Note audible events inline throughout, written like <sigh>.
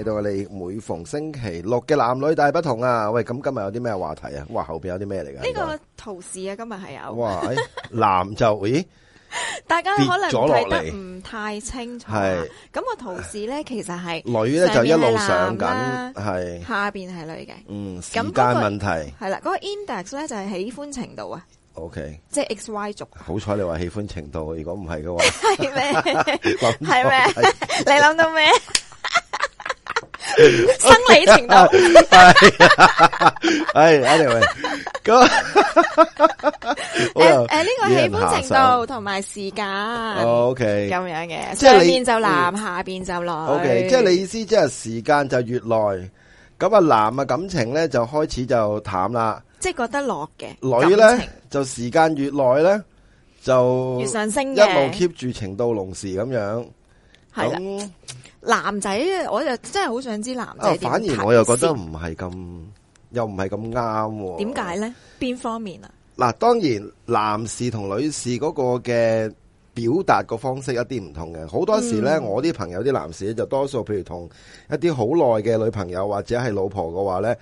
嚟到我哋每逢星期六嘅男女大不同啊！喂，咁今日有啲咩話題啊？哇，後邊有啲咩嚟㗎？呢個圖示啊，今日係有哇，男就咦，大家可能睇得唔太清楚。係咁個圖示咧，其實係女咧就一路上緊，係下邊係女嘅。嗯，時間問題係啦。嗰個 index 咧就係喜歡程度啊。OK，即係 XY 軸。好彩你話喜歡程度，如果唔係嘅話，係咩？係咩？你諗到咩？生理程度，anyway 咁，誒誒，呢個喜歡程度同埋時間 <laughs> ，OK，咁樣嘅，上邊就男，嗯、下邊就落。o、okay. k 即係你意思，即係時間就越耐，咁啊男嘅感情咧就開始就淡啦，即、就、係、是、覺得落嘅女咧，就時間越耐咧就越上升，一路 keep 住程度濃時咁樣，係 <laughs> 那 <laughs> 男仔呢，我就真係好想知男仔點睇。啊，反而我又覺得唔係咁，又唔係咁啱喎。點解呢？邊方面啊？嗱，當然男士同女士嗰個嘅表達個方式一啲唔同嘅。好多時呢，我啲朋友啲男士就多數，譬如同一啲好耐嘅女朋友或者係老婆嘅話呢。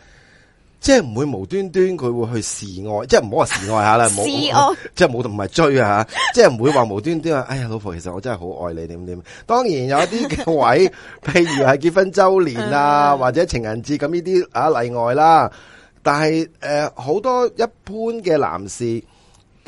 即係唔會無端端佢會去示愛，即係唔好話示愛下啦 <laughs> 無， <laughs> 即係冇唔係追啊，即係唔會話無端端啊，哎呀，老婆，其實我真係好愛你點點。當然有一啲嘅位， <laughs> 譬如係結婚周年啊， <laughs> 或者情人節咁呢啲啊例外啦。但係誒，好、呃、多一般嘅男士。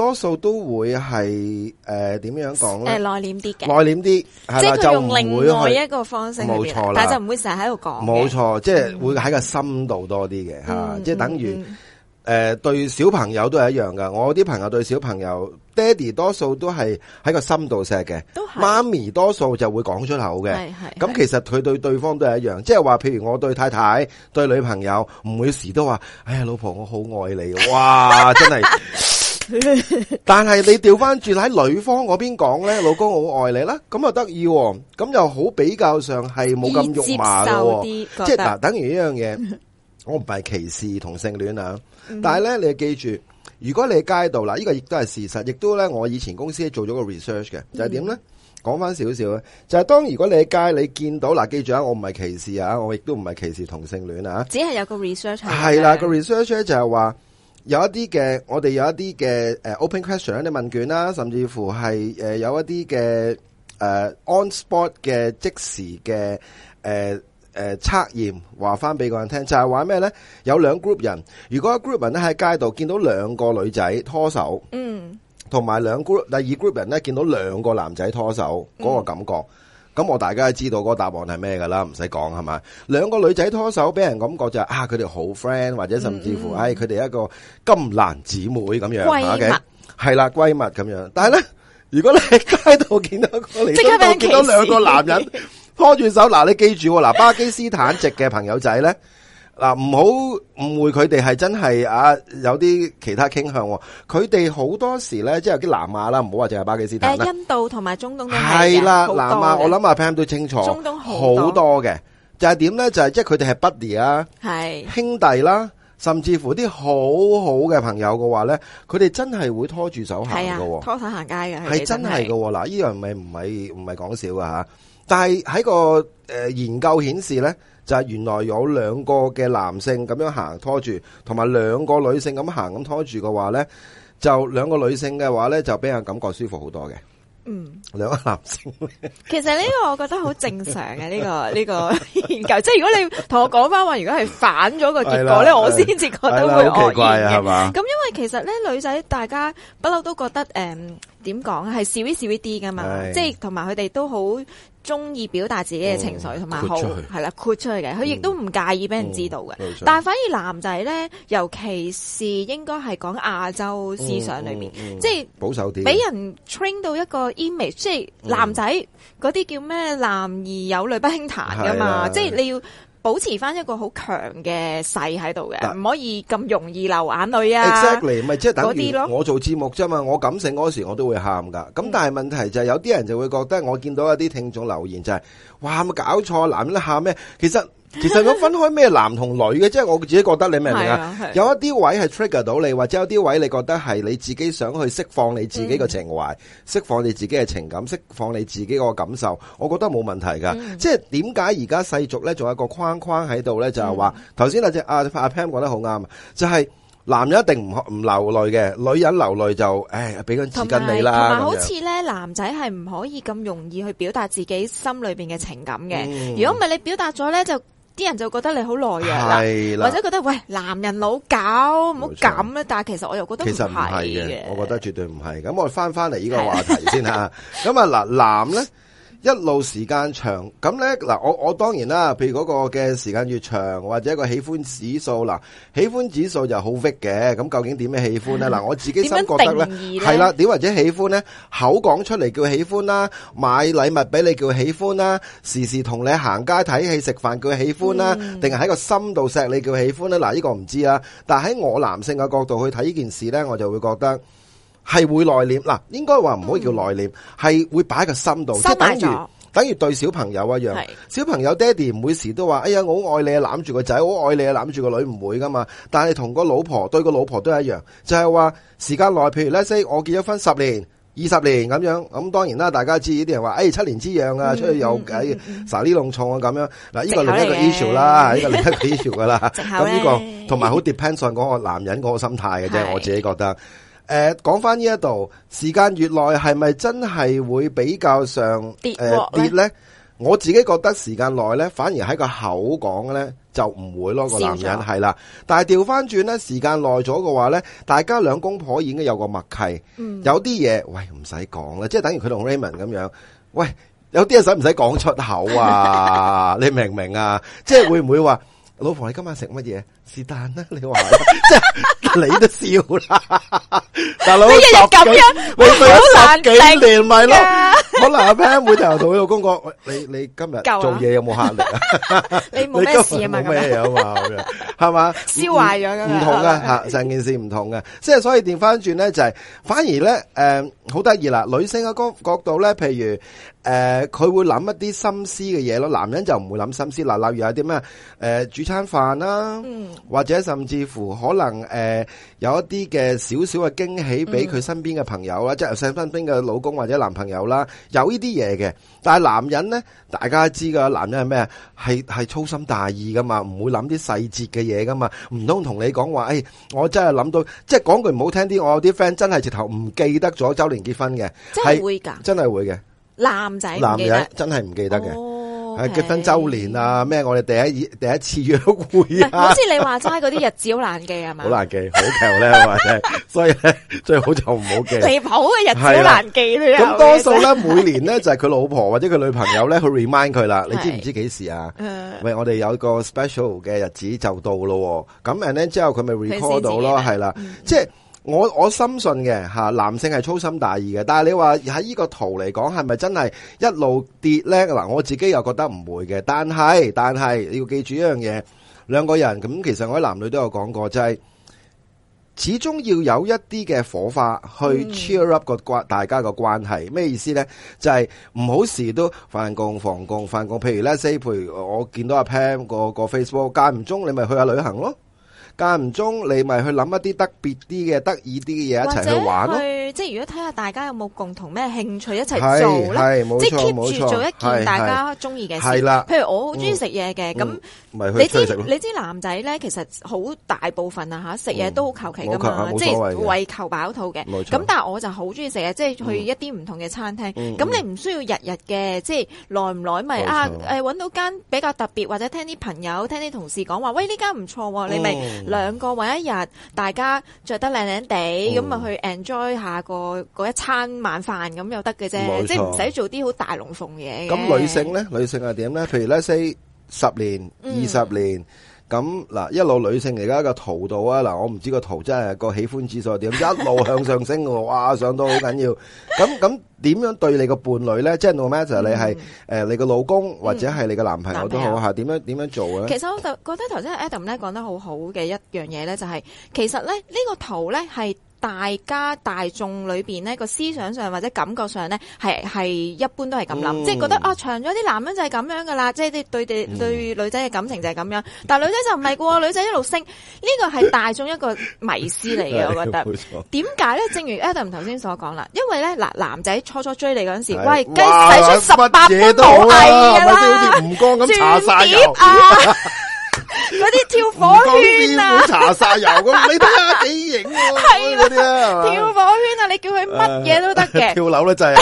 多數都會係誒點樣講咧？誒、呃，內斂啲嘅，內斂啲，即係佢用另外一個方式，冇錯啦。但係就唔會成日喺度講。冇錯，即係會喺個深度多啲嘅吓，嗯、即係等於誒、嗯呃嗯、對小朋友都係一樣噶。我啲朋友對小朋友，爹哋多數都係喺個深度錫嘅，都係，媽咪多數就會講出口嘅。係係。咁其實佢對對方都係一樣，是是是即係話，譬如我對太太、對女朋友，唔會時都話，哎呀，老婆，我好愛你，哇， <laughs> 真係的。 <laughs> <laughs> 但係你調翻轉喺女方嗰邊講咧，老公我好愛你啦，咁就得意，咁又好比較上係冇咁肉麻喎。即係嗱，等於呢樣嘢，我唔係歧視同性戀啊， <laughs> 但係咧你記住，如果你喺街度嗱，呢、呢個亦都係事實，亦都咧我以前公司做咗個 research 嘅，就係、係、點咧，講翻少少咧，就係、係、當如果你喺街你見到嗱，記住啊，我唔係歧視啊，我亦都唔係歧視同性戀啊，只係有個 research 係，係啦個 research 咧就係話。有一啲嘅，我哋有一啲嘅、uh, open question 一啲問卷啦，甚至乎係、uh, 有一啲嘅、uh, on spot 嘅即時嘅誒誒測驗，話翻俾個人聽，就係話咩咧？有兩 group 人，如果一 group 人咧喺街度見到兩個女仔拖手，嗯，同埋兩 group 第二 group 人咧見到兩個男仔拖手，嗰個感覺。嗯。咁我大家都知道嗰個答案係咩噶啦，唔使講係嘛。兩個女仔拖手，俾人感覺就係啊，佢哋好 friend，或者甚至乎，哎，佢哋一個金蘭姊妹咁樣，係啦，閨蜜咁樣。但係咧，如果你喺街度見到個嚟，見到見到兩個男人拖住手，嗱，你記住，嗱巴基斯坦籍嘅朋友仔咧。嗱，唔好誤會佢哋係真係啊，有啲其他傾向。佢哋好多時咧，即係啲南亞啦，唔好話淨係巴基斯坦啦，印度同埋中東都係嘅。係啦，南亞我諗阿 Pam 都清楚，中東好多嘅。就係點咧？就係即係佢哋係 buddy 啊，兄弟啦，甚至乎啲好好嘅朋友嘅話咧，佢哋真係會拖住手行嘅喎，拖手行街嘅係真係嘅喎。嗱，依樣咪唔係唔係講笑㗎吓。但係喺個誒研究顯示咧。就係、是、原來有兩個嘅男性咁樣行拖住，同埋兩個女性咁行咁拖住嘅話咧，就兩個女性嘅話咧就俾人感覺舒服好多嘅。嗯，兩個男性。其實呢個我覺得好正常嘅呢、 <laughs> 這個呢、這個研究，即係如果你同我講翻話，如果係反咗個結果咧， <laughs> 我先至覺得會愕然嘅係嘛。咁因為其實咧，女仔大家不嬲都覺得誒。嗯點講啊？示試一 v 一啲噶嘛，即係同埋佢哋都好中意表達自己嘅情緒，同、嗯、埋好係啦，闊出去嘅。佢亦都唔介意俾人知道嘅、嗯嗯。但係反而男仔咧，尤其是應該係講亞洲思想裏面，嗯嗯嗯、即係保守啲，俾人 train 到一個 image，即係男仔嗰啲叫咩？男兒有淚不輕彈噶嘛，即係你要。保持翻一個好強嘅勢喺度嘅，唔可以咁容易流眼淚啊！Exactly，咪即係等於我做節目啫嘛，我感性嗰時我都會喊噶。咁但係問題就係，有啲人就會覺得我見到一啲聽眾留言就係、是，哇，咪搞錯，男人都喊咩？其實。 <laughs> 其實我分開咩男同女嘅？即係我自己覺得你明唔明啊？有一啲位係 trigger 到你，或者有啲位你覺得係你自己想去釋放你自己嘅情懷，釋、嗯、放你自己嘅情感，釋放你自己個感受，我覺得冇問題噶、嗯。即係點解而家世俗咧，仲有一個框框喺度咧，就係話頭先阿 Pam 講得好啱，就係、是，男人一定唔唔流淚嘅，女人流淚就誒俾根紙巾你啦。好似咧，男仔係唔可以咁容易去表達自己心裏邊嘅情感嘅。如果唔係你表達咗咧，就啲人就覺得你好耐啊，或者覺得喂男人老狗唔好咁咧，但係其實我又覺得其實唔係嘅，我覺得絕對唔係。咁我翻翻嚟呢個話題先嚇，咁啊嗱、啊、男咧。一路時間長咁呢，嗱，我我當然啦，譬如嗰個嘅時間越長，或者一個喜歡指數，嗱，喜歡指數就好 vague 嘅，咁究竟點樣喜歡呢？嗱、嗯，我自己心覺得呢係啦，點或者喜歡呢？口講出嚟叫喜歡啦，買禮物俾你叫喜歡啦，時時同你行街睇戲食飯叫喜歡啦，定係喺個心度錫你叫喜歡呢？嗱，呢個唔知啊，但喺我男性嘅角度去睇呢件事呢，我就會覺得。係會內斂，嗱，應該話唔可以叫內斂，係、嗯、會擺喺個心度，即係等於、嗯、等於對小朋友一樣。小朋友爹哋唔會時都話，哎呀，我好愛你啊，攬住個仔，我好愛你啊，攬住個女，唔會噶嘛。但係同個老婆，對個老婆都係一樣，就係、是、話時間耐。譬如呢我結咗婚十年、二十年咁樣，咁當然啦，大家知呢啲人話，哎，七年之癢啊、嗯，出去又誒，撒、嗯、啲、哎、弄創啊，咁樣。嗱，呢個另一個 issue 啦， <laughs> 呢、這個另一個 issue 噶啦。咁呢個同埋好 depend on 嗰個男人嗰個心態嘅啫，我自己覺得。誒，講翻呢一度，時間越耐係咪真係會比較上跌落呢、呃、跌呢？我自己覺得時間耐呢，反而喺個口講呢，就唔會咯，個男人係啦。但係調翻轉呢，時間耐咗嘅話呢，大家兩公婆已經有個默契，嗯、有啲嘢喂唔使講啦，即係等於佢同 Raymond 咁樣，喂有啲嘢使唔使講出口啊？ <laughs> 你明唔明啊？即係會唔會話 <laughs> 老婆你今晚食乜嘢？是但啦，你話即係你都笑啦，大佬你日日咁樣，你好難頂咪咯？可能阿 Ben 會同佢老公講喂，你你今日做嘢有冇壓力啊？你冇咩事啊？冇咩嘢啊嘛？係嘛？消耗咗嘅唔同啊！吓，成件事唔同嘅，即係所以調翻轉咧，就係反而咧，誒，好得意啦！女性嘅角角度咧，譬如誒，佢會諗一啲心思嘅嘢咯，男人就唔會諗心思。嗱，例如有啲咩誒，煮餐飯啦，嗯。或者甚至乎可能誒、呃，有一啲嘅少少嘅驚喜俾佢身邊嘅朋友啦，嗯、即係身邊嘅老公或者男朋友啦，有呢啲嘢嘅。但係男人呢，大家知噶，男人係咩？係係粗心大意噶嘛，唔會諗啲細節嘅嘢噶嘛。唔通同你講話，誒、哎，我真係諗到，即係講句唔好聽啲，我有啲 friend 真係直頭唔記得咗周年結婚嘅，真係會噶，真係會嘅。男仔，男人真係，真係唔記得嘅。係、okay. 結婚周年啊，咩我哋第一第一次約會啊， <laughs> <laughs> <laughs> 難忌 <laughs> 好似你話齋嗰啲日子好難記係嘛？好難記，好舊咧，所以咧最好就唔好記。離譜嘅日子好難記。咁多數咧每年咧就係、是、佢老婆或者佢女朋友咧 <laughs> 去 remind 佢啦，你知唔知幾時啊？喂， <laughs> 我哋有個 special 嘅日子就到咯，咁然之後佢咪 recall 到咯，係 <laughs> 是啦， <laughs> 即係。我我深信嘅吓，男性係粗心大意嘅，但係你話喺呢個圖嚟講，係咪真係一路跌呢？嗱？我自己又覺得唔會嘅，但係但係你要記住一樣嘢，兩個人咁其實我喺男女都有講過，就係、是、始終要有一啲嘅火花、嗯、去 cheer up 個關大家嘅關係，咩意思呢？就係、是、唔好事都返工放工返工，譬如呢 say，譬如我見到阿 Pam 個個 Facebook 間唔中，你咪去一下旅行咯。間唔中，你咪去諗一啲特別啲嘅、得意啲嘅嘢一齊去玩咯。即係如果睇下大家有冇共同咩興趣一齊做咧，即係 keep 住做一件大家中意嘅事。啦，譬如我好中意食嘢嘅，咁、嗯嗯、你知、嗯、你知男仔咧、嗯，其實好大部分啊吓食嘢都好求其噶嘛，嗯、即係為求飽肚嘅。咁但係我就好中意食嘢，即係去一啲唔同嘅餐廳。咁、嗯、你唔需要日日嘅、嗯，即係耐唔耐咪啊？誒揾到間比較特別，或者聽啲朋友、聽啲同事講話，喂呢間唔錯、啊哦。你咪兩個揾一日，大家着得靚靚地咁啊去 enjoy 下。個個一餐晚飯咁又得嘅啫，即係唔使做啲好大龍鳳嘢。咁女性咧，女性係點咧？譬如咧，say 十年、二十年咁嗱，一路女性而家個圖度啊嗱，我唔知個圖真係個喜歡指數係點，一路向上升喎，哇，上到好緊要。咁咁點樣對你個伴侶咧？即係 no matter 你係誒你個老公或者係你個男朋友都好吓，點樣點樣做咧？其實我就覺得頭先 Adam 咧講得好好嘅一樣嘢咧，就係其實咧呢個圖咧係。大家大眾裏邊呢個思想上或者感覺上呢，係係一般都係咁諗，即係覺得啊，長咗啲男人就係咁樣噶啦，即係對對對對女仔嘅感情就係咁樣，但係女仔就唔係噶喎，女仔一路升，呢個，嗯，係大眾一個迷思嚟嘅，嗯，我覺得。點解呢？正如 Adam 頭先所講啦，因為呢嗱男仔初初追你嗰陣時，喂，計計出十八般武藝嘅啦嗰啲跳火圈啊，搽晒油咁，你睇下幾型啊，嗰啲啊，跳火圈啊，你叫佢乜嘢都得嘅，跳樓咧就係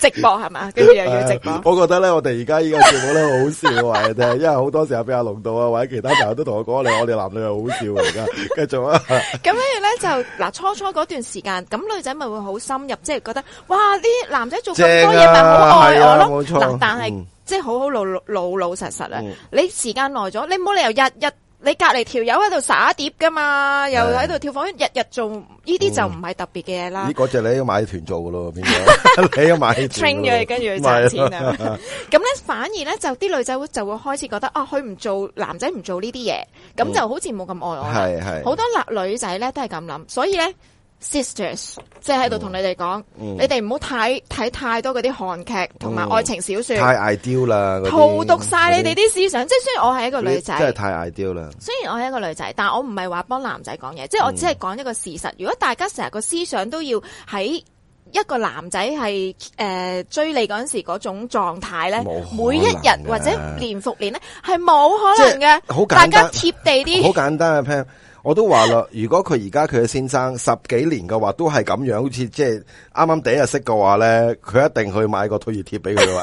直播係嘛？跟住又要直播。我覺得咧，我哋而家依家跳舞咧好笑壞嘅，因為好多時候比較濃度啊，或者其他朋友都同我講嚟，我哋男女又好笑嚟噶。而家繼續啊！咁跟住咧就嗱，初初嗰段時間咁女仔咪會好深入，即係覺得哇，啲男仔做咁多嘢咪好愛我咯。但但係。即係好好老老老,老實實啊、嗯！你時間耐咗，你冇理由日日你隔籬條友喺度耍碟噶嘛？又喺度跳房，日日做呢啲就唔係特別嘅嘢啦。咦，嗰隻你要該買團做噶咯， <laughs> <laughs> 你個？該買團團？r 跟住去賺錢啊！咁咧 <laughs> <laughs> 反而咧就啲女仔就,就會開始覺得啊，佢唔做男仔唔做呢啲嘢，咁、嗯、就好似冇咁愛我。係係，好多女仔咧都係咁諗，所以咧。Sisters，即係喺度同你哋講，嗯，你哋唔好睇睇太多嗰啲韓劇同埋愛情小說，嗯、太 ideal 啦，荼毒晒你哋啲思想。即係雖然我係一個女仔，真係太 ideal 啦。雖然我係一個女仔，但係我唔係話幫男仔講嘢，即係我只係講一個事實。嗯、如果大家成日個思想都要喺一個男仔係誒追你嗰陣時嗰種狀態咧，每一日、啊、或者年復年呢，係冇可能嘅。好簡單，大家貼地啲，好簡單嘅。啊、Pan 我都話啦，如果佢而家佢嘅先生十幾年嘅話，都係咁樣，好似即係啱啱第一日識嘅話咧，佢一定去買個退熱貼俾佢咯。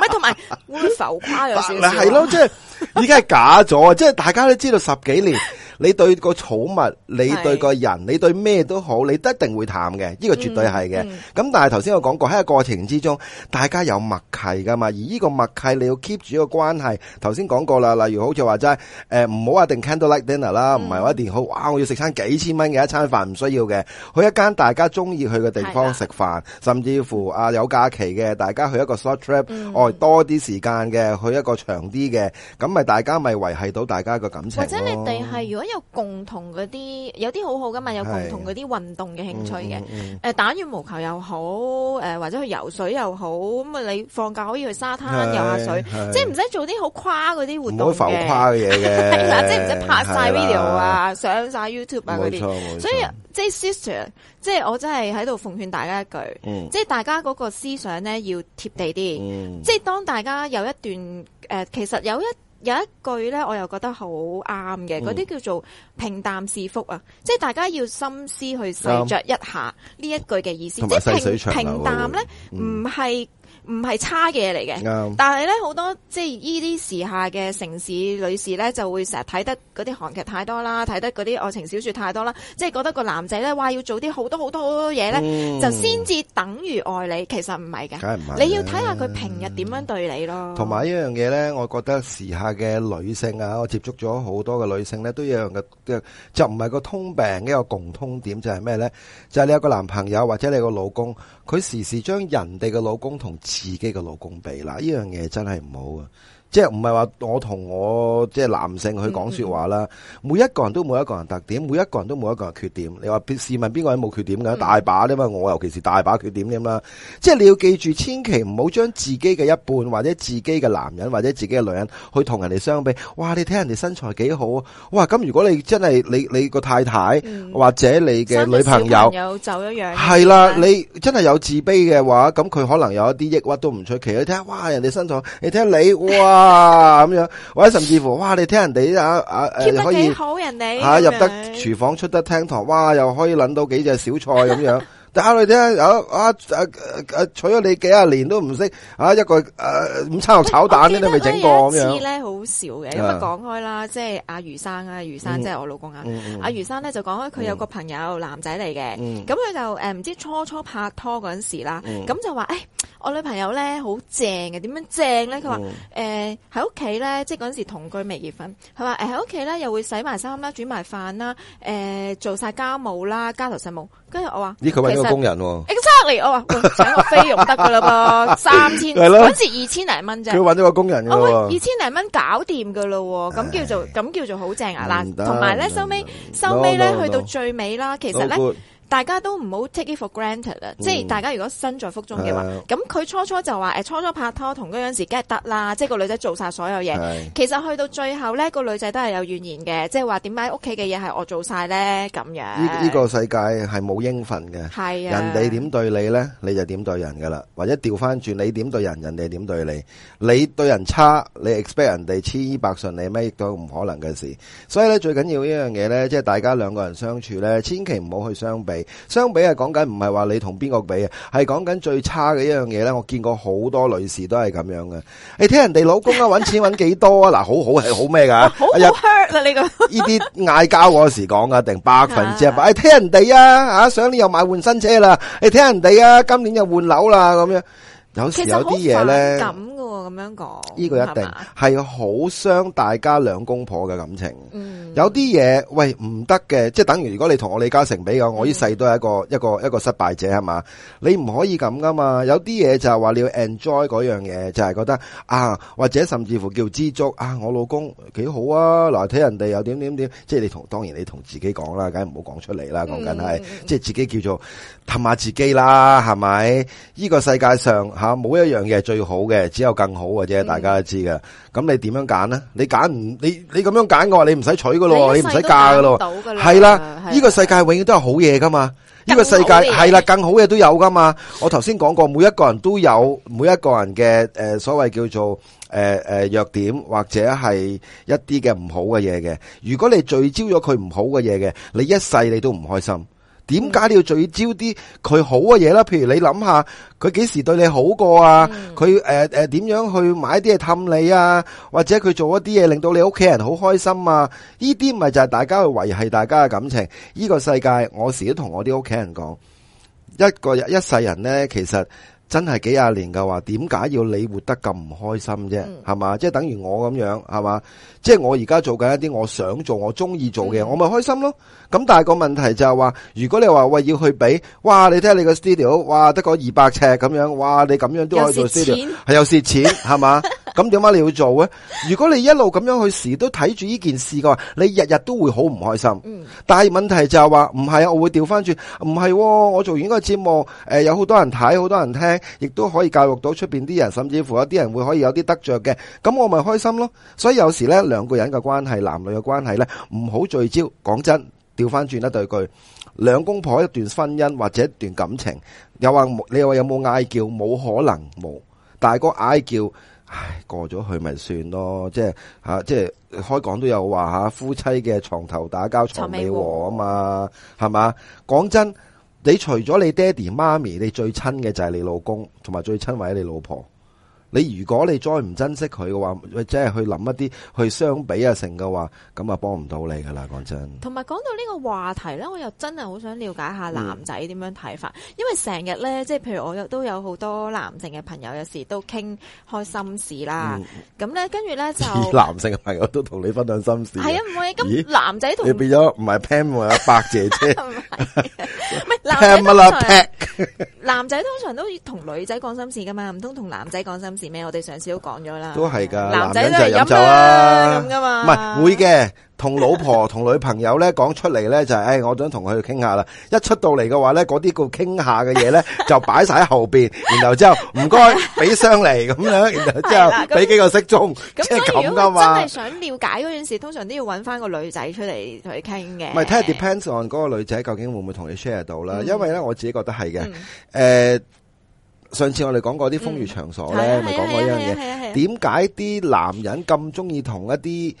咪同埋會浮誇有少少，係 <laughs> 咯，即係而家係假咗，即係大家都知道十幾年。 <laughs> <laughs> 你對個寵物，你對個人，你對咩都好，你都一定會淡嘅，呢、這個絕對係嘅。咁、嗯嗯、但係頭先我講過喺個過程之中，大家有默契噶嘛，而呢個默契你要 keep 住個關係。頭先講過啦，例如好似話齋，係唔好話定 candlelight dinner 啦，唔係話一定好。哇，我要食餐幾千蚊嘅一餐飯唔需要嘅，去一間大家中意去嘅地方食飯，甚至乎啊有假期嘅大家去一個 short trip，外、嗯、多啲時間嘅，去一個長啲嘅，咁咪大家咪維係到大家個感情或者你哋係如果？有共同嗰啲，有啲好好㗎嘛？有共同嗰啲運動嘅興趣嘅，誒、嗯嗯嗯呃，打羽毛球又好，誒、呃，或者去游水又好。咁啊，你放假可以去沙灘游下水，即係唔使做啲好誇嗰啲活動嘅，係啦，即係唔使拍晒 video 啊，上晒 YouTube 啊嗰啲。所以即係 Sister，即係我真係喺度奉勸大家一句，嗯、即係大家嗰個思想咧要貼地啲、嗯。即係當大家有一段，誒、呃，其實有一。有一句咧，我又覺得好啱嘅，啲、嗯、叫做平淡是福啊！即係大家要心思去細嚼一下呢一句嘅意思，嗯、即係平平淡咧，唔、嗯、係。唔係唔係差嘅嘢嚟嘅，但係呢，好多即係呢啲時下嘅城市女士呢，就會成日睇得嗰啲韓劇太多啦，睇得嗰啲愛情小說太多啦，即係覺得個男仔呢話要做啲好多好多好多嘢呢，嗯、就先至等於愛你，其實唔係嘅，你要睇下佢平日點樣對你咯。同、嗯、埋一樣嘢呢，我覺得時下嘅女性啊，我接觸咗好多嘅女性呢，都有樣嘅就唔係個通病，一個共通點，就係、是、咩呢？就係、是、你有一個男朋友或者你個老公。佢時時將人哋嘅老公同自己嘅老公比，嗱，呢樣嘢真係唔好啊！即係唔係話我同我即係男性去講說話啦、嗯嗯，每一個人都每一個人特點，每一個人都每一個人缺點。你話試問邊個人冇缺點㗎、嗯？大把啦嘛。我尤其是大把缺點添啦。即係你要記住，千祈唔好將自己嘅一半，或者自己嘅男人，或者自己嘅女人，去同人哋相比。哇！你睇人哋身材幾好啊！哇！咁如果你真係你你個太太、嗯、或者你嘅女朋友有走一樣係啦，你真係有自卑嘅話，咁佢可能有一啲抑鬱都唔出奇。你睇下哇，人哋身材，你睇下你哇！ <laughs> 啊咁樣，或者甚至乎，哇！你聽人哋啊啊，誒、啊啊、可以，吓入得廚房出得廳堂，哇！又可以諗到幾隻小菜咁樣。 <laughs> 打落啫，有啊，啊，啊，啊娶咗你幾十年都唔識，啊一個誒午餐肉炒蛋咧都未整過咁樣。一次咧好少嘅。因為講開啦，即、就、係、是、阿余生啊，余生、嗯、即係我老公啊。嗯嗯阿余生咧就講開，佢有個朋友、嗯、男仔嚟嘅。咁、嗯、佢就誒唔知初初拍拖嗰陣時啦，咁、嗯、就話誒、哎、我女朋友咧好正嘅。點樣正咧？佢話誒喺屋企咧，即係嗰陣時同居未結婚，佢話誒喺屋企咧又會洗埋衫啦、煮埋飯啦、誒、呃、做晒家務啦、家頭細務。跟住我話，咦佢搵個工人，exactly 我話請個菲傭得噶啦噃，三千嗰時二千零蚊啫，佢搵一個工人嘅、啊、喎、exactly, 哎， <laughs> 二千零蚊搞掂噶啦，咁叫做咁叫做好正啊！嗱，同埋咧，收尾收尾咧，去到最尾啦，其實咧。大家都唔好 take it for granted 啦、嗯，即係大家如果身在福中嘅話，咁佢初初就話誒，初初拍拖同嗰陣時梗係得啦，即係個女仔做晒所有嘢。其實去到最後咧，個女仔都係有怨言嘅，即係話點解屋企嘅嘢係我做晒咧咁樣。呢、這個世界係冇應分嘅，係啊，人哋點對你咧，你就點對人噶啦，或者調翻轉你點對人，人哋點對你，你對人差，你 expect 人哋千依百順你咩，亦都唔可能嘅事。所以咧，最緊要一樣嘢咧，即係大家兩個人相處咧，千祈唔好去相比。相比係講緊唔係話你同邊個比啊，係講緊最差嘅一樣嘢咧。我見過好多女士都係咁樣嘅。你、哎、聽人哋老公啊，搵錢搵幾多 <laughs> 啊？嗱，好好係好咩噶？好 hurt 啦，呢個。呢啲嗌交嗰時講啊，啊啊定百分之一百？係 <laughs> 聽、哎、人哋啊，想、啊、上年又買換新車啦，誒、哎，聽人哋啊，今年又換樓啦，咁樣。有時有啲嘢咧，咁噶、啊？咁樣講，呢、這個一定係好傷大家兩公婆嘅感情。嗯有啲嘢，喂唔得嘅，即係等於如果你同我李嘉誠比較，我呢世都係一個、嗯、一個一個失敗者係嘛？你唔可以咁噶嘛？有啲嘢，就係話你要 enjoy 嗰樣嘢，就係、是、覺得啊，或者甚至乎叫知足啊，我老公幾好啊，來睇人哋又點點點，即係你同當然你同自己講啦，梗係唔好講出嚟啦，講緊係即係自己叫做氹下自己啦，係咪？呢、這個世界上吓冇、啊、一樣嘢最好嘅，只有更好嘅啫，大家都知噶。嗯嗯咁你點樣揀呢？你揀唔你你咁樣揀嘅話，你唔使娶噶咯，你唔使嫁噶咯，係啦。呢個世界永遠都有好嘢，噶嘛，呢個世界係啦，更好嘢都有噶嘛。我頭先講過，每一個人都有每一個人嘅誒所謂叫做誒誒弱點，或者係一啲嘅唔好嘅嘢嘅。如果你聚焦咗佢唔好嘅嘢嘅，你一世你都唔開心。點解你要聚焦啲佢好嘅嘢啦？譬如你諗下佢幾時對你好過啊？佢誒誒點樣去買啲嘢氹你啊？或者佢做一啲嘢令到你屋企人好開心啊？呢啲咪就係大家去維係大家嘅感情。呢個世界我時都同我啲屋企人講，一個一世人呢，其實。真係幾廿年嘅話，點解要你活得咁唔開心啫？係、嗯、嘛？即係等於我咁樣，係嘛？即係我而家做緊一啲我想做、我中意做嘅，嗯、我咪開心咯。咁但係個問題就係話，如果你話喂要去比，哇！你睇下你個 studio，哇，得個二百尺咁樣，哇！你咁樣都可以做 studio，係有蝕錢，係嘛？咁點解你要做咧？如果你一路咁樣去時都睇住呢件事嘅話，你日日都會好唔開心。嗯、但係問題就係話，唔係啊，我會調翻轉，唔係、哦、我做完個節目，誒，有好多人睇，好多人聽。亦都可以教育到出邊啲人，甚至乎有啲人會可以有啲得着嘅，咁我咪開心咯。所以有時咧，兩個人嘅關係、男女嘅關係咧，唔好聚焦。講真，調翻轉一對佢兩公婆一段婚姻或者一段感情，又話你話有冇嗌交？冇可能冇。大哥嗌交，唉，過咗去咪算咯。即係吓、啊，即係開講都有話吓、啊，夫妻嘅床頭打交，床尾和啊嘛，係嘛？講真。你除咗你爹哋媽咪，你最親嘅就係你老公，同埋最親係你老婆。你如果你再唔珍惜佢嘅話，即係去諗一啲去相比啊，成嘅話咁啊幫唔到你噶啦，講真。同埋講到呢個話題咧，我又真係好想了解一下男仔點樣睇法，嗯、因為成日咧，即係譬如我都有好多男性嘅朋友有時都傾開心事啦，咁咧跟住咧就 <laughs> 男性嘅朋友都同你分享心事，係啊，唔會咁男仔同你變咗唔係 Pam，我阿伯姐姐，唔係 <laughs> 男仔通常，男仔通常都同女仔講心事噶嘛，唔通同男仔講心事？咩？我哋上次都講咗啦，都係噶，男仔就係飲酒啦，咁噶嘛，唔係會嘅。同老婆、同女朋友咧講出嚟咧，就係誒，我想同佢去傾下啦。一出到嚟嘅話咧，嗰啲叫傾下嘅嘢咧，就擺晒喺後邊，然後之後唔該俾箱嚟咁樣，然後之後俾幾個骰盅，即係咁噶嘛。咁如果真係想了解嗰件事，通常都要揾翻個女仔出嚟同佢傾嘅。唔係，睇下 depends on 嗰個女仔究竟會唔會同你 share 到啦。因為咧，我自己覺得係嘅，誒。上次我哋講過啲風雨場所呢，咪、嗯、講、啊、過一樣嘢，點解啲男人咁中意同一啲？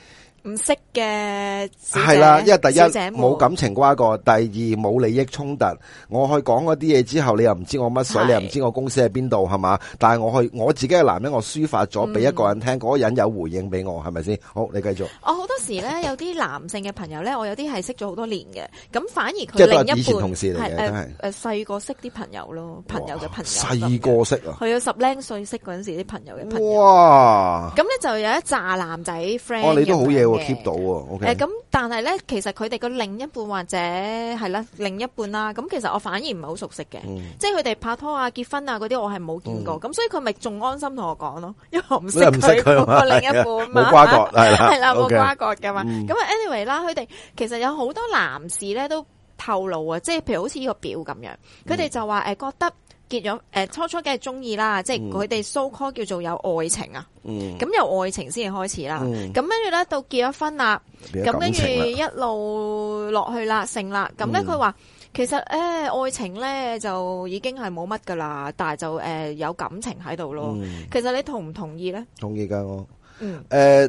唔識嘅，係啦，因為第一冇感情瓜葛，第二冇利益衝突。我去講嗰啲嘢之後，你又唔知我乜水，你又唔知我公司喺邊度，係嘛？但係我去我自己嘅男人我，我抒發咗俾一個人聽，嗰個人有回應俾我，係咪先？好，你繼續。我、哦、好多時咧，有啲男性嘅朋友咧，我有啲係識咗好多年嘅，咁反而佢另一半，係、就、誒、是，細個識啲朋友咯，朋友嘅朋友，細個識啊？去到十零歲識嗰陣時啲朋友嘅朋友。哇！咁咧就有一紮男仔 friend，你都好嘢喎。keep、okay、咁、嗯，但係咧，其實佢哋個另一半或者係啦，另一半啦，咁其實我反而唔係好熟悉嘅、嗯，即係佢哋拍拖啊、結婚啊嗰啲，我係冇見過，咁、嗯、所以佢咪仲安心同我講咯，因為我唔識佢嗰個另一半嘛，冇瓜葛，係、嗯、啦，冇瓜葛嘅嘛，咁啊，anyway 啦，佢哋其實有好多男士咧都透露啊，即係譬如好似呢個表咁樣，佢哋就話誒覺得。結咗誒、啊，初初梗係中意啦，即係佢哋 so called 叫做有愛情啊，咁、嗯、由愛情先至開始啦。咁跟住咧到結咗婚啦，咁跟住一路落去啦，成啦。咁咧佢話其實誒、哎、愛情咧就已經係冇乜噶啦，但係就誒、呃、有感情喺度咯。其實你同唔同意咧？同意噶我，誒、嗯呃，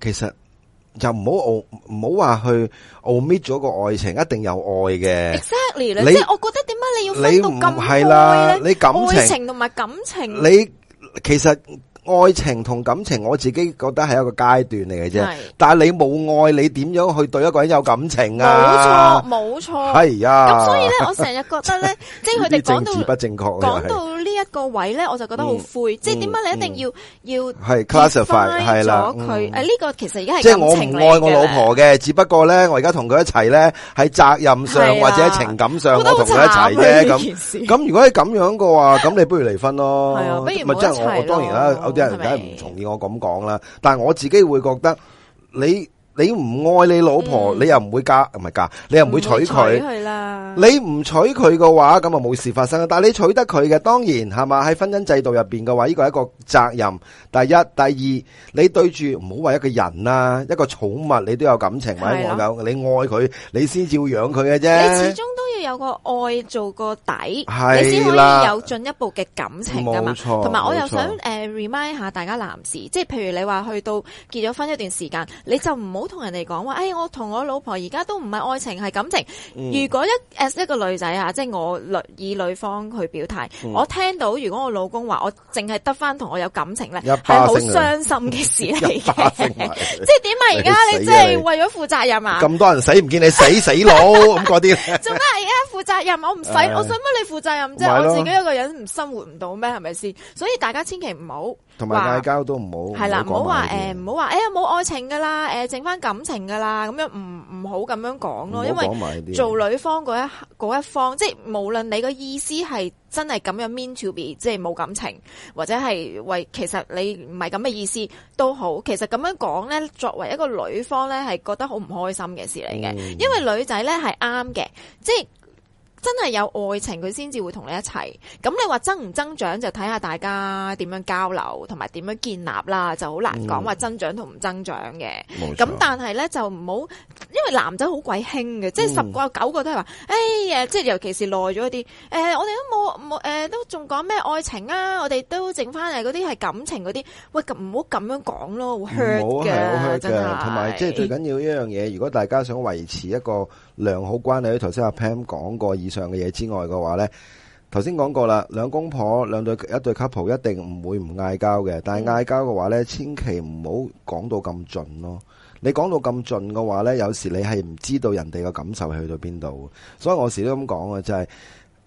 其實。就唔好哦，唔好話去 omit 咗個愛情，一定有愛嘅。Exactly 你即係我覺得點解你要分到咁啦，你，愛情同埋感情，你其實。愛情同感情，我自己覺得係一個階段嚟嘅啫。係，但係你冇愛，你點樣去對一個人有感情啊？冇錯，冇錯。係啊，咁，所以咧，我成日覺得咧，即係佢哋講到政治唔正確，講到呢一個位咧，我就覺得好灰。即係點解你一定要要係 classify 咗佢？誒，呢個其實而家係即係我唔愛我老婆嘅，只不過咧，我而家同佢一齊咧，喺責任上或者喺情感上，我同佢一齊啫咁。咁如果係咁樣嘅話，咁你不如離婚咯。係啊，不如唔好一齊啦。啲人梗係唔同意我咁講啦，但係我自己會覺得你。你唔愛你老婆，你又唔會嫁，唔係嫁，你又唔會，會娶佢。你唔娶佢嘅話，咁啊冇事發生。但係你娶得佢嘅，當然係嘛。喺婚姻制度入邊嘅話，呢個係一個責任。第一，第二，你對住唔好話一個人啦，啊，一個寵物，你都有感情，或者我有你愛佢，你先至要養佢嘅啫。你始終都要有個愛做個底，係你先可以有進一步嘅感情嘛。冇錯。同埋我又想誒、呃、remind 下大家男士，即係譬如你話去到結咗婚一段時間，你就唔好。好同人哋講話，誒、哎，我同我老婆而家都唔係愛情，係感情，嗯。如果一誒一個女仔啊，即係我女以女方去表態，嗯，我聽到如果我老公話我淨係得翻同我有感情咧，係好傷心嘅事嚟嘅。 <laughs> 即係點啊？而家你真係為咗負責任啊？咁多人死唔見你死死佬咁嗰啲，做咩而家負責任？我唔使，我想乜你負責任啫？我自己一個人唔生活唔到咩？係咪先？所以大家千祈唔好。同埋嗌交都唔好，係啦，唔好話誒，唔好話誒，冇、呃欸、愛情噶啦，誒、呃，剩翻感情噶啦，咁樣唔唔好咁樣講咯，因為做女方嗰一一方，即係無論你個意思係真係咁樣 mean to be，即係冇感情，或者係為其實你唔係咁嘅意思都好，其實咁樣講咧，作為一個女方咧，係覺得好唔開心嘅事嚟嘅，嗯、因為女仔咧係啱嘅，即係。真係有愛情，佢先至會同你一齊。咁你話增唔增長就睇下大家點樣交流同埋點樣建立啦，就好難講話增長同唔增長嘅。咁、嗯、但係咧就唔好，因為男仔好鬼興嘅，即、就、係、是、十個、嗯、九個都係話，哎、欸、呀，即係尤其是耐咗啲。誒、欸，我哋都冇冇、欸、都仲講咩愛情啊？我哋都剩返嚟嗰啲係感情嗰啲。喂、欸，唔好咁樣講咯，好 hurt 嘅。嘅。同埋即係最緊要一樣嘢，如果大家想維持一個良好關係，喺頭先阿 Pam 講過以上嘅嘢之外嘅話呢，頭先講過啦，兩公婆兩對一對 couple 一定唔會唔嗌交嘅，但係嗌交嘅話呢，千祈唔好講到咁盡咯。你講到咁盡嘅話呢，有時你係唔知道人哋嘅感受係去到邊度，所以我時都咁講嘅，就係、是。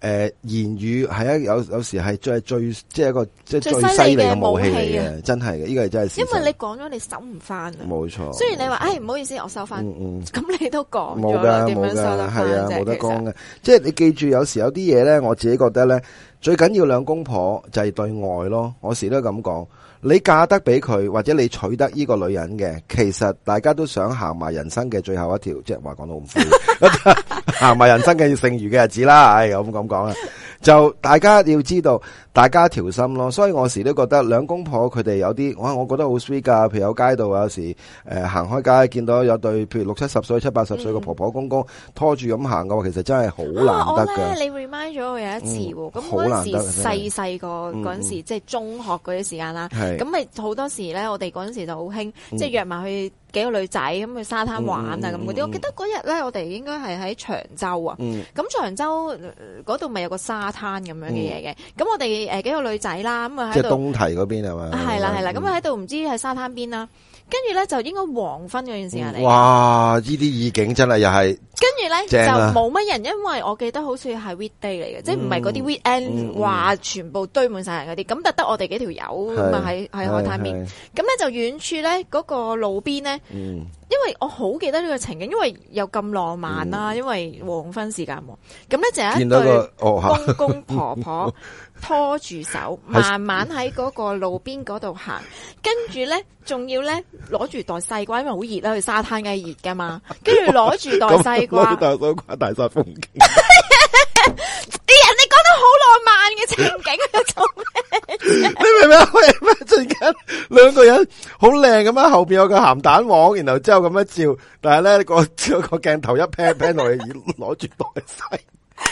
誒、呃，言語係一有有時係最最即係一個即係最犀利嘅武器嚟嘅，真係嘅，呢個係真係。因為你講咗，你收唔翻冇錯。雖然你話，哎，唔好意思，我收翻，咁、嗯嗯、你都講咗，點樣收得翻啊？係啊，冇得講嘅。其實，即係你記住，有時有啲嘢咧，我自己覺得咧， <laughs> 最緊要兩公婆就係對外咯。我時都係咁講。你嫁得俾佢，或者你娶得呢個女人嘅，其實大家都想行埋人生嘅最後一條，即係話講到咁苦，行 <laughs> 埋 <laughs> 人生嘅要剩餘嘅日子啦。唉，我咁講啊。就大家要知道，大家條心咯。所以我時都覺得兩公婆佢哋有啲，我我覺得好 sweet 噶。譬如有街道有時，誒、呃、行開街見到有對，譬如六七十歲、七八十歲嘅婆婆公公拖住咁行嘅話，其實真係好難得嘅，啊。你 remind 咗我有一次，咁嗰陣時細細個嗰陣時，即、嗯、係、嗯就是、中學嗰啲時間啦。咁咪好多時咧，我哋嗰陣時就好興，即、嗯、係約埋去。幾個女仔咁去沙灘玩啊，咁嗰啲，我記得嗰日咧，我哋應該係喺長洲啊。咁、嗯、長洲嗰度咪有個沙灘咁樣嘅嘢嘅。咁、嗯、我哋誒幾個女仔啦，咁啊喺度。即係東堤嗰邊係嘛？係啦係啦，咁啊喺度唔知喺沙灘邊啦。跟住咧就應該黃昏嗰段時間嚟。哇！呢啲意境真係又係～跟住咧就冇乜人，因為我記得好似係 weekday 嚟嘅，嗯，即係唔係嗰啲 weekend 話，嗯嗯，全部堆滿晒人嗰啲，咁得得我哋幾條友喺喺海灘面，咁咧就遠處咧嗰，嗰個路邊咧，嗯，因為我好記得呢個情景，因為又咁浪漫啦，嗯，因為黃昏時間喎，咁咧就有一對公公婆婆、婆拖住手，慢慢喺嗰個路邊嗰度行，跟住咧仲要咧攞住袋西瓜，因為好熱啦，去沙灘梗熱噶嘛，跟住攞住袋西瓜。 <laughs> 大，大大風景， <laughs> 人你講得好浪漫嘅情景， <laughs> 做咩？你明唔明啊？ <laughs> 最近兩個人好靚咁啊，後邊有個鹹蛋王，然後之後咁樣照，但係咧、那個個鏡頭一 pan pan 落去，攞 <laughs> 住袋子。細。 <laughs>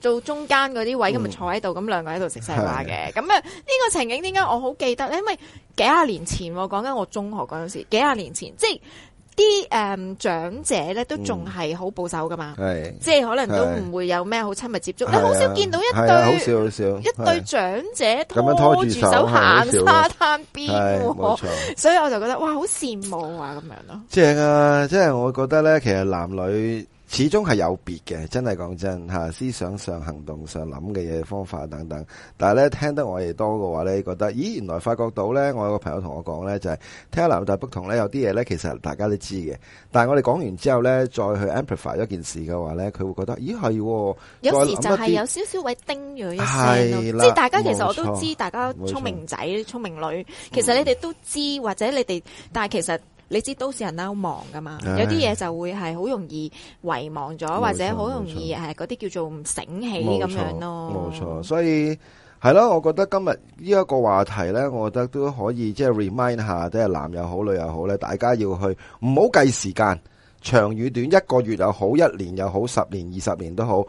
做中間嗰啲位，咁咪坐喺度，咁兩個喺度食西瓜嘅。咁啊，呢個情景點解我好記得咧？因為幾廿年前，我講緊我中學嗰陣時，幾廿年前，即係啲誒長者咧都仲係好保守噶嘛，嗯、即係可能都唔會有咩好親密接觸。你好少見到一對，好少好少，一對長者咁樣拖住手行沙灘邊，冇錯。所以我就覺得哇，好羨慕啊，咁樣咯。正啊，即係我覺得咧，其實男女。始終係有別嘅，真係講真、啊、思想上、行動上、諗嘅嘢、方法等等。但係咧，聽得我哋多嘅話咧，覺得咦，原來發覺到咧，我有個朋友同我講咧，就係、是、聽下男女大不同咧，有啲嘢咧，其實大家都知嘅。但係我哋講完之後咧，再去 amplify 一件事嘅話咧，佢會覺得咦係喎、哦，有時就係有少少位叮咗一小小聲、啊，即係大家其實我都知，大家聰明仔、聰明女，其實你哋都知、嗯，或者你哋，但係其實。你知都市人啦，好忙噶嘛，有啲嘢就會係好容易遺忘咗，或者好容易係嗰啲叫做唔醒起咁樣咯。冇錯，所以係咯，我覺得今日呢一個話題呢，我覺得都可以即係 remind 下，即係男又好，女又好呢，大家要去唔好計時間長與短，一個月又好，一年又好，十年、二十年都好。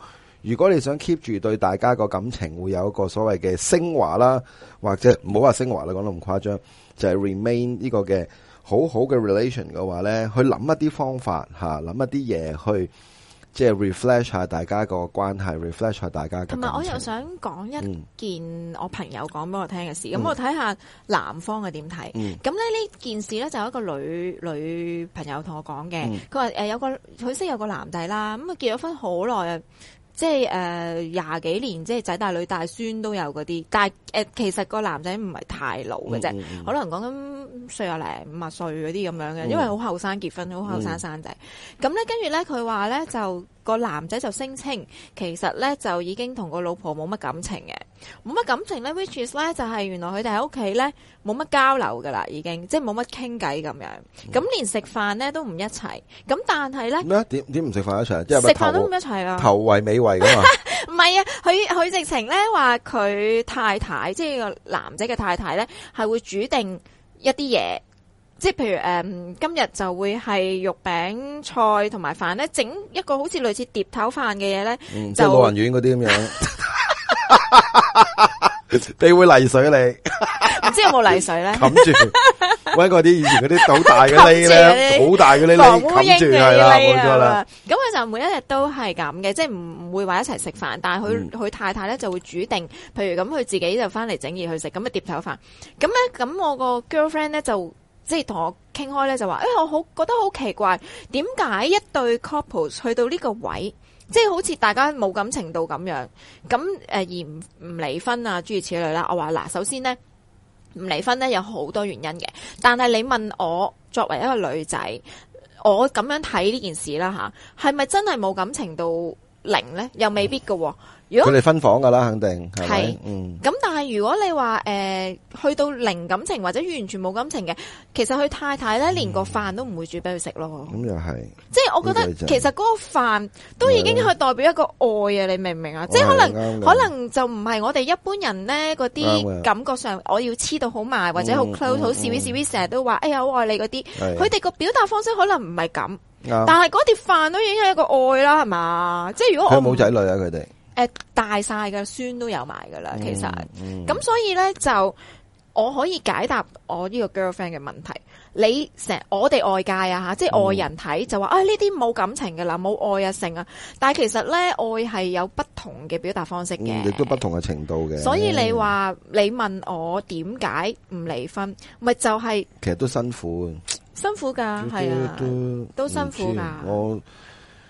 如果你想 keep 住對大家個感情會有一個所謂嘅升華啦，或者唔好話升華啦，講得咁誇張，就係 remain 呢個嘅。好好嘅 relation 嘅話咧，去諗一啲方法吓，諗一啲嘢去，即係 refresh 下大家個關係，refresh 下大家。同埋我又想講一件我朋友講俾我聽嘅事，咁、嗯、我睇下男方嘅點睇。咁咧呢件事咧就有一個女女朋友同我講嘅，佢話誒有個佢識有個男仔啦，咁啊結咗婚好耐。即係誒廿幾年，即係仔大女大孫都有嗰啲，但係、呃、其實個男仔唔係太老嘅啫、嗯嗯，可能講緊四十零、五十歲嗰啲咁樣嘅、嗯，因為好後生結婚，好後、嗯、生生仔，咁咧跟住咧佢話咧就。那個男仔就聲稱，其實咧就已經同個老婆冇乜感情嘅，冇乜感情咧，which is 咧就係、是、原來佢哋喺屋企咧冇乜交流噶啦，已經即係冇乜傾偈咁樣，咁、嗯、連食飯咧都唔一齊，咁但係咧咩點點唔食飯一齊？食飯都唔一齊啦，頭為尾為噶嘛？唔 <laughs> 係啊，佢佢直情咧話佢太太，即係個男仔嘅太太咧，係會煮定一啲嘢。即係譬如誒、嗯，今日就會係肉餅菜同埋飯咧，整一個好似類似碟頭飯嘅嘢咧，即係老人院嗰啲咁樣。 <laughs> <laughs> 你會泥水你？唔知有冇泥水咧？冚住搵嗰啲以前嗰啲膽大嘅咧，好大嘅呢，冚住係啦，冇錯啦。咁佢就每一日都係咁嘅，即係唔會話一齊食飯，但係佢佢太太咧就會煮定，嗯、譬如咁佢自己就翻嚟整嘢去食，咁嘅碟頭飯。咁咧咁我個 girlfriend 咧就即係同我傾開咧，就話：，誒、欸，我好覺得好奇怪，點解一對 couple 去到呢個位，即係好似大家冇感情到咁樣？咁而唔唔離婚啊諸如此類啦。我話嗱，首先呢，唔離婚呢有好多原因嘅，但係你問我作為一個女仔，我咁樣睇呢件事啦嚇，係咪真係冇感情到零呢？又未必嘅。如果佢哋分房噶啦，肯定係。咁、嗯、但係如果你話誒、呃、去到零感情或者完全冇感情嘅，其實佢太太咧連個飯都唔會煮俾佢食咯。咁又係，即係我覺得其實嗰個飯都已經係代表一個愛啊！嗯、你明唔明啊？嗯、即係可能可能就唔係我哋一般人咧嗰啲感覺上我要黐到好埋或者好 close 好 sweet 成日都話哎呀我愛你嗰啲。佢哋個表達方式可能唔係咁，但係嗰碟飯都已經係一個愛啦，係嘛？即係如果我冇仔女啊，佢哋。誒、呃，大晒嘅孫都有埋噶啦，其實，咁、嗯嗯、所以咧就我可以解答我呢個 girlfriend 嘅問題。你成日我哋外界啊吓、嗯，即係外人睇就話啊，呢啲冇感情嘅啦，冇愛啊性啊。但係其實咧，愛係有不同嘅表達方式嘅，亦、嗯、都不同嘅程度嘅。所以你話、嗯、你問我點解唔離婚，咪就係、是、其實都辛苦，辛苦噶係啊，都、都、都辛苦噶我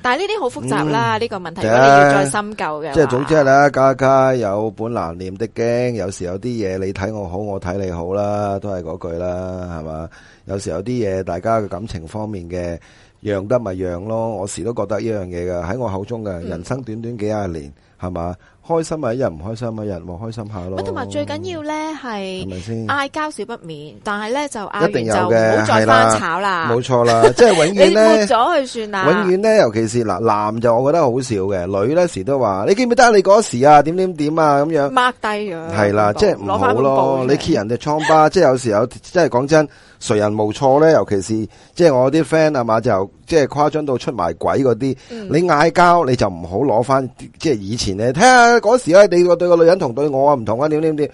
但係呢啲好複雜啦，呢、嗯呢個問題如果你要再深究嘅，即係總之係啦，家家有本難念的經，有時有啲嘢你睇我好，我睇你好啦，都係嗰句啦，係嘛？有時有啲嘢大家嘅感情方面嘅，讓得咪讓咯，我時都覺得呢樣嘢㗎，喺我口中嘅人生短短幾廿年，係嘛？開心咪一日，唔開心咪一日，冇開心下、啊、咯。咁同埋最緊要咧係，係咪先？嗌交，少不免，但係咧就嗌完一定有就唔好再翻炒錯啦。冇錯啦，即係永遠呢，算永遠咧，尤其是嗱男就我覺得好少嘅，女咧時都話你記唔記得你嗰時啊點點點啊咁樣 mark 低咗。係啦，即係唔好咯，你揭人哋瘡疤。 <laughs> 即係有時候，即係講真，誰人無錯咧？尤其是即係我啲 friend 啊嘛，就即係誇張到出埋鬼嗰啲，你嗌交你就唔好攞翻即係以前咧，睇嗰時咧，你個對個女人同對我啊唔同啊，點點點，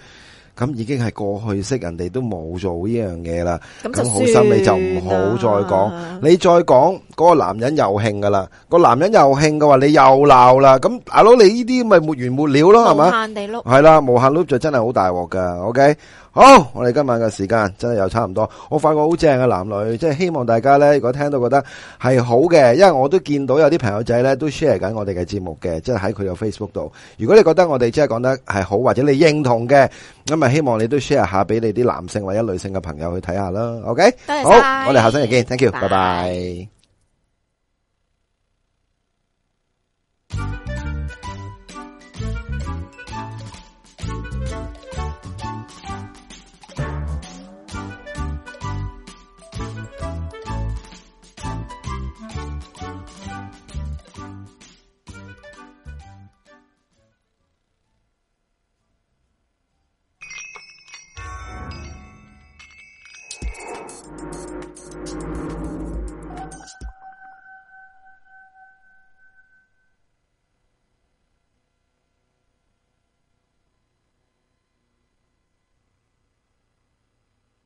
咁已經係過去式，人哋都冇做呢樣嘢啦，咁好心你就唔好再講、啊，你再講。嗰個男人又興噶啦，個男人又興嘅話，你又鬧啦，咁阿佬你呢啲咪沒完沒了咯，係嘛？無限地 loop 係啦，無限 loop 就真係好大鑊噶。OK，好，我哋今晚嘅時間真係又差唔多。我發覺好正啊，男女，即係希望大家咧，如果聽到覺得係好嘅，因為我都見到有啲朋友仔咧都 share 緊我哋嘅節目嘅，即係喺佢個 Facebook 度。如果你覺得我哋即係講得係好，或者你認同嘅，咁啊希望你都 share 下俾你啲男性或者女性嘅朋友去睇下啦。OK，好，我哋下星期見，thank you，拜拜。